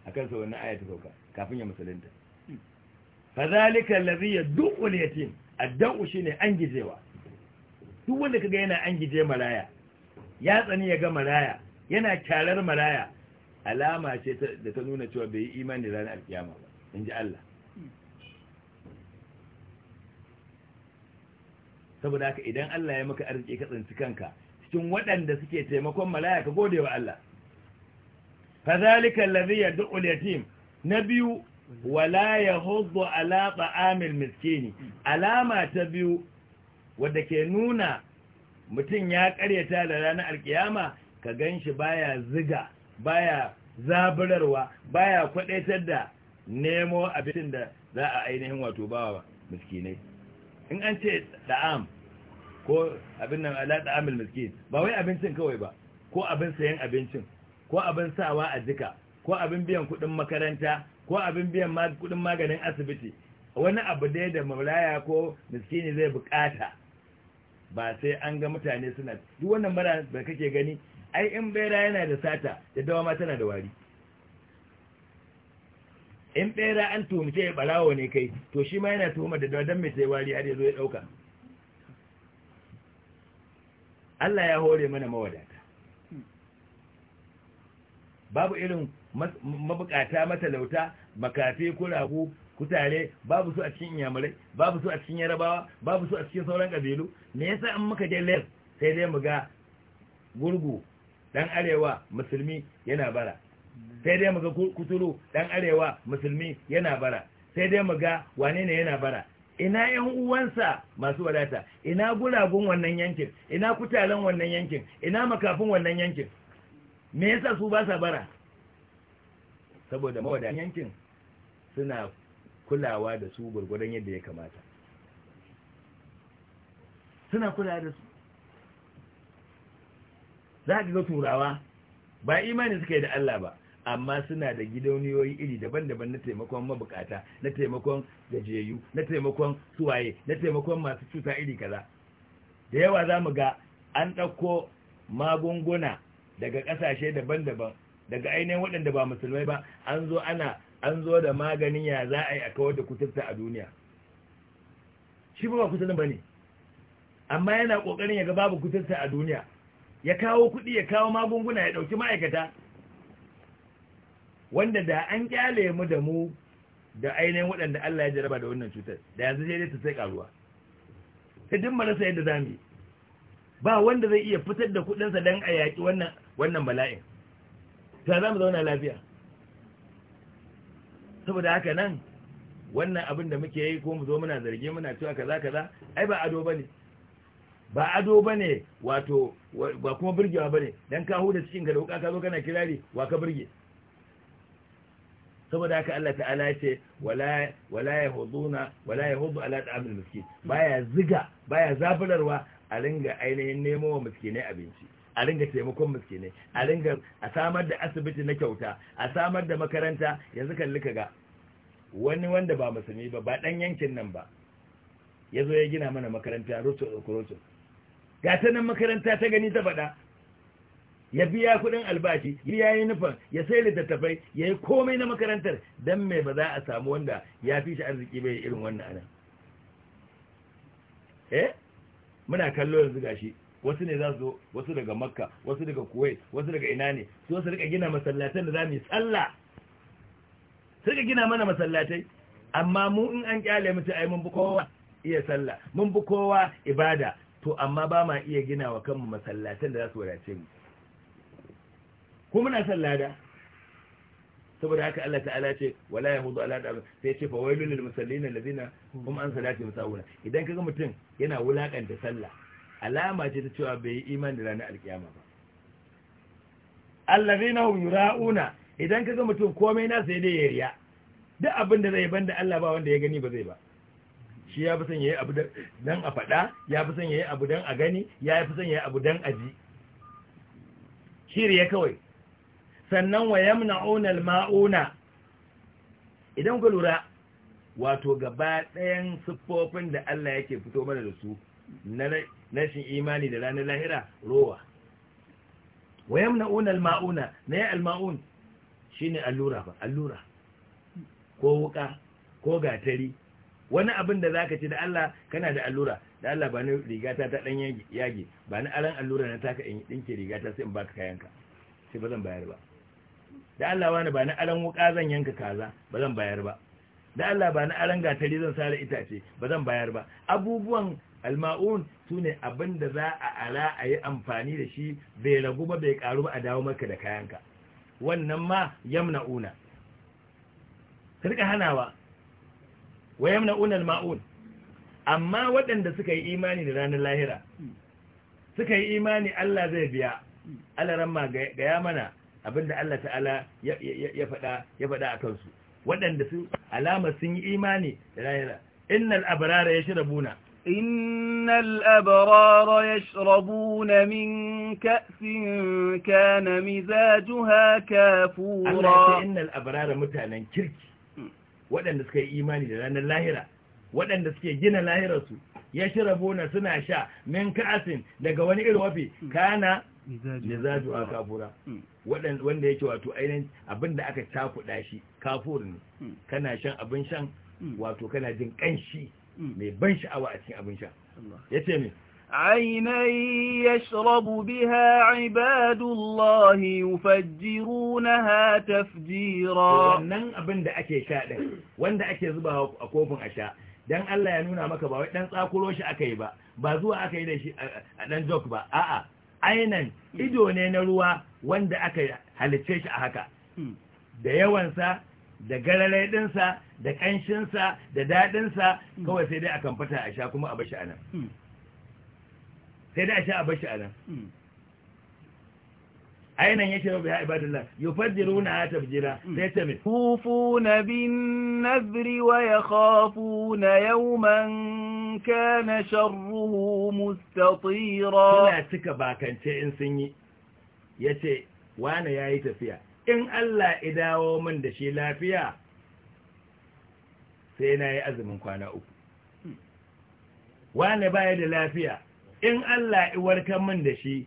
a kansa wannan aya ta sauka kafin ya musulunta fazalika lazi ya du'ul yatim addau shine an gijewa duk wanda kaga yana an gije maraya ya tsani ya ga maraya yana kyarar maraya alama ce da ta nuna cewa bai yi imani da ranar alkiyama ba in ji Allah saboda haka idan Allah ya maka arziki ka tsinci kanka cikin waɗanda suke taimakon maraya ka gode wa Allah fazalika allazi yad'u al-yatim na biyu wala yahuddu ala ta'amil miskini alama ta biyu wadda ke nuna mutum ya karyata da ranar alkiyama ka gan shi baya ziga baya zaburarwa baya kwadaitar da nemo abincin da za a ainihin wato bawa miskinai in an ce da'am ko abin nan ala da'amil miskin ba wai abincin kawai ba ko abin sayan abincin ko abin sawa a jika ko abin biyan kudin makaranta ko abin biyan kudin maganin asibiti wani abu dai da muraya ko miskini zai bukata ba sai an ga mutane suna duk wannan mara da kake gani ai in bera yana da sata da dawa ma tana da wari in bera an tuhumce ya barawo ne kai to shi ma yana tuhuma da dawa don mai sai wari har yazo ya ɗauka Allah ya hore mana mawadata babu irin mabukata matalauta makafi kurahu kutare babu su a cikin inyamurai babu su a cikin yarabawa babu su a cikin sauran ƙabilu me yasa an muka je lef sai dai mu ga gurgu dan arewa musulmi yana bara sai dai mu ga kuturu dan arewa musulmi yana bara sai dai mu ga wane ne yana bara ina yan uwansa masu wadata ina gulagun wannan yankin ina kutaren wannan yankin ina makafin wannan yankin me yasa su ba sa bara saboda mawadan yankin suna kulawa da su gwargwadon yadda ya kamata suna kula da su za ka ga turawa ba imani suka da Allah ba amma suna da gidauniyoyi iri daban-daban na taimakon mabukata na taimakon gajiyayyu na taimakon suwaye na taimakon masu cuta iri kaza da yawa za mu ga an ɗauko magunguna daga ƙasashe daban-daban daga ainihin waɗanda ba musulmai ba an zo ana an zo da maganin ya za a yi a kawar da kuturta a duniya shi ba kuturta ba ne amma yana ƙoƙarin ya ga babu kuturta a duniya ya kawo kuɗi ya kawo magunguna ya dauki ma'aikata wanda da an kyale mu da mu da ainihin waɗanda Allah ya jaraba da wannan cutar da yanzu sai ta sai karuwa ta duk marasa yadda za mu ba wanda zai iya fitar da kuɗinsa don a yaƙi wannan wannan bala'in ta za mu zauna lafiya saboda haka nan wannan abin da muke yi ko mu zo muna zarge muna cewa kaza kaza ai ba ado bane ba ado bane wato ba kuma burgewa bane dan ka huda cikin ka da wuka ka zo kana kirari wa ka burge saboda haka Allah ta'ala ya ce wala wala yahuduna wala yahudu ala ta'amil miskin baya ziga baya zabularwa a ringa ainihin nemo wa miskinai abinci a ringa taimakon miskinai a ringa a samar da asibiti na kyauta a samar da makaranta yanzu kalli ka ga wani wanda ba musulmi ba ba dan yankin nan ba ya zo ya gina mana makaranta roto Kuroto. ga ta nan makaranta ta gani ta faɗa ya biya kuɗin albashi ya yi nufin ya sai littattafai ya yi komai na makarantar don mai ba za a samu wanda ya fi shi arziki bai irin wannan anan eh muna kallo yanzu gashi wasu ne za su wasu daga makka wasu daga kuwait wasu daga ina ne su wasu rika gina masallatan da za mu yi sallah suka gina mana masallatai amma mu in an kyale mutu ai mun bi kowa iya sallah mun bi kowa ibada to amma ba ma iya gina wa kanmu masallatan da za su wadace mu ko muna sallada saboda haka Allah ta'ala ce wala yahudu ala da sai ce fa wailu lil musallina allazina hum an salati musawuna idan kaga mutum yana wulakanta sallah alama ce ta cewa bai yi imani da ranar alkiyama ba allazina hum yura'una idan ka ga mutum komai na sai dai ya riya duk abin da zai ban da Allah ba wanda ya gani ba zai ba shi ya fi son yayi abu dan a faɗa ya fi son yayi abu dan a gani ya fi son yayi abu dan a ji shi riya kawai sannan wa yamna'una al-ma'una idan ka lura wato gaba ɗayan siffofin da Allah yake fito mana da su na rashin imani da ranar lahira rowa wa yamna'una al-ma'una na ya al-ma'un shine allura ba allura ko wuka ko gatari wani abin da zaka ci da Allah kana da allura da Allah ba ni rigata ta dan yage ba ni aran allura na taka in dinke rigata sai in baka kayanka sai ba zan bayar ba da Allah wani ba ni aran wuka zan yanka kaza ba zan bayar ba da Allah ba ni aran gatari zan sare itace ba zan bayar ba abubuwan alma'un sune abin da za a ala a yi amfani da shi bai ragu ba bai karu ba a dawo maka da kayanka wannan ma yamna'una su rika hanawa wa yamna'una al-ma'un amma waɗanda suka yi imani da ranar lahira suka yi imani Allah zai biya alaran ma ga ya mana abinda Allah ta'ala ya faɗa ya faɗa a kansu waɗanda su alama sun yi imani da lahira innal abrara yashrabuna إن الأبرار يشربون من كأس كان مزاجها كافورا إن الأبرار متانا كيرك waɗanda suka yi imani da ranar lahira waɗanda suke gina lahirarsu ya shirabona suna sha min ka'asin daga wani irin wafi kana mizaju a kafura wanda yake wato ainihin abin da aka cakuɗa shi kafur ne hmm. kana shan abin shan hmm. wato kana jin ƙanshi Mm. mai ban sha'awa a cikin abin sha ce me عينا يشرب بها عباد الله يفجرونها تفجيرا wannan abin da ake sha din wanda ake zuba a kofin a sha dan Allah ya nuna maka ba wai dan tsakuro shi akai ba ba zuwa akai da shi a dan jok ba a'a ainan mm. ido ne na ruwa wanda aka halice shi a haka mm. da yawansa da gararai dinsa, da ƙanshinsa da daɗinsa hmm. kawai sai dai a kamfata a sha kuma a bashi a nan hmm. sai dai a sha a bashi a nan hmm. ainihin yake rabu ya ibadullah yufaddiluna tafjira sai ta me na bin nadri wa yakhafuna yawman kana sharruhu mustatira suna cika bakance in sun yi yace ya yayi tafiya in Allah ya dawo min da shi lafiya sai na yi azumin kwana uku wane baya da lafiya in Allah ya warkar min da shi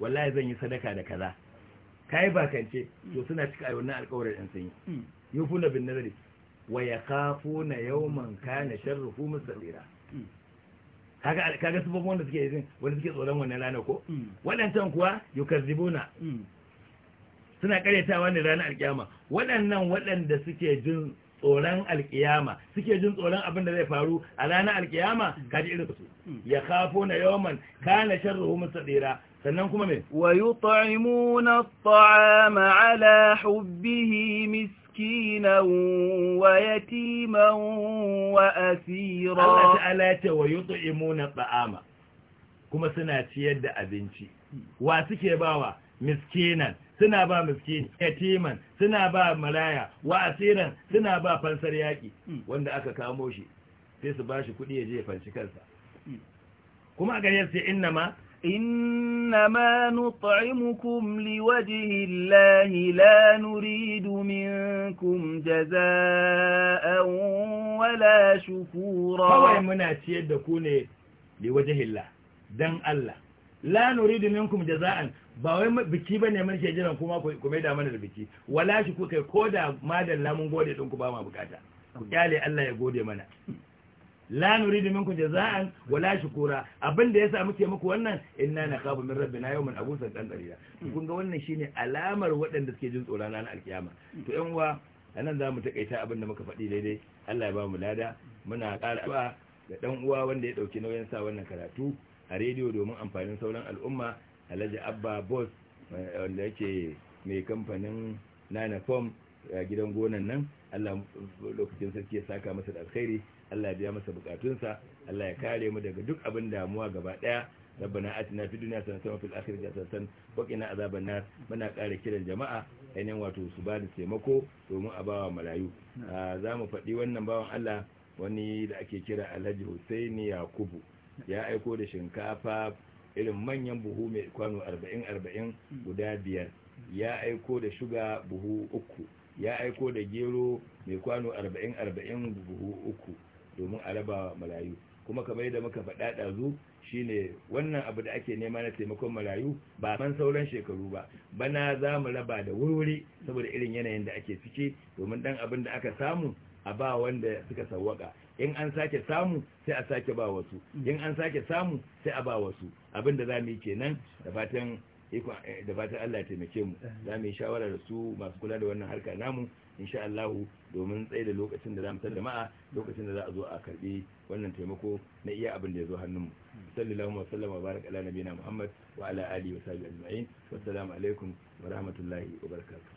wallahi zan yi sadaka da kaza kai bakance to suna cika wannan alƙawarin ɗin sun yi yufuna bin nazari wa yakhafuna yawman kana sharruhu mustatira kaga kaga su wanda suke yin wanda suke tsoron wannan rana ko mm. Waɗancan kuwa yukazzibuna mm. suna karyatawa ne ranar alkiyama waɗannan waɗanda suke jin tsoron alkiyama suke jin tsoron abin da zai faru a ranar alkiyama kaji irin su ya kafo na yawon kana sharruhu musadira sannan kuma me wa yut'imuna ta'ama ala hubbihi miskina wa yatiman wa asira Allah ta'ala ta wa yut'imuna ta'ama kuma suna ciyar da abinci wa suke bawa miskinan suna ba miski yatiman suna ba malaya wa suna ba fansar yaƙi hmm. wanda aka kamo shi sai su ba shi kuɗi ya je fanshi kansa hmm. kuma a gare sai inna ma inna ma nut'imukum liwajhi llahi la nuridu minkum jazaa'an wala shukura kawai muna ciyar da ku ne liwajhi llah dan Allah la nuridu minkum jaza'an ba wai biki ba ne mun jiran kuma ku mai da mana da biki wala shi ku kai ko da madalla mun gode din ku ba ma bukata ku kyale Allah ya gode mana la nuridu minku jaza'an wala shukura abinda yasa muke muku wannan inna nakhafu min rabbina yawman abusan dan dariya kun ga wannan shine alamar waɗanda suke jin tsoron ranar alkiyama to yan uwa anan zamu takaita abin da muka faɗi daidai Allah ya ba mu lada muna ƙara ga dan uwa wanda ya dauki nauyin sa wannan karatu a rediyo domin amfanin sauran al'umma alhaji abba boss eh, wanda yake mai kamfanin nana form a gidan gonan nan Allah lokacin sarki ya saka masa da alkhairi Allah ya biya masa bukatunsa Allah ya kare mu daga duk abin damuwa gaba daya rabbana atina fid dunya hasanatan wa fil akhirati hasanatan wa qina azaban nar muna kare kiran jama'a ainihin wato su ba da taimako domin a bawa marayu ah, za mu faɗi wannan bawan Allah wani da ake kira Alhaji Husaini Yakubu ya aiko da shinkafa irin manyan buhu mai kwano 40-40 guda biyar ya aiko da shuga buhu uku ya aiko da gero mai kwano 40-40 buhu uku domin a raba malayu kuma kamar da muka faɗa ɗazu ne wannan abu da ake nema na taimakon malayu ba man sauran shekaru ba bana za mu raba da wurwuri saboda irin yanayin da ake ciki domin ɗan abin da aka samu a ba wanda suka sawwaka in an sake samu sai a sake ba wasu in an sake samu sai a ba wasu abinda za mu yi kenan da fatan da fatan Allah ya taimake mu za mu yi shawara da su masu kula da wannan harka namu insha Allah domin tsaye da lokacin da za mu sallama lokacin da za a zo a karbi wannan taimako na iya abin da ya zo hannun mu sallallahu alaihi wasallam wa baraka ala nabiyina Muhammad wa ala alihi wa sahbihi ajma'in wassalamu alaikum wa rahmatullahi wa barakatuh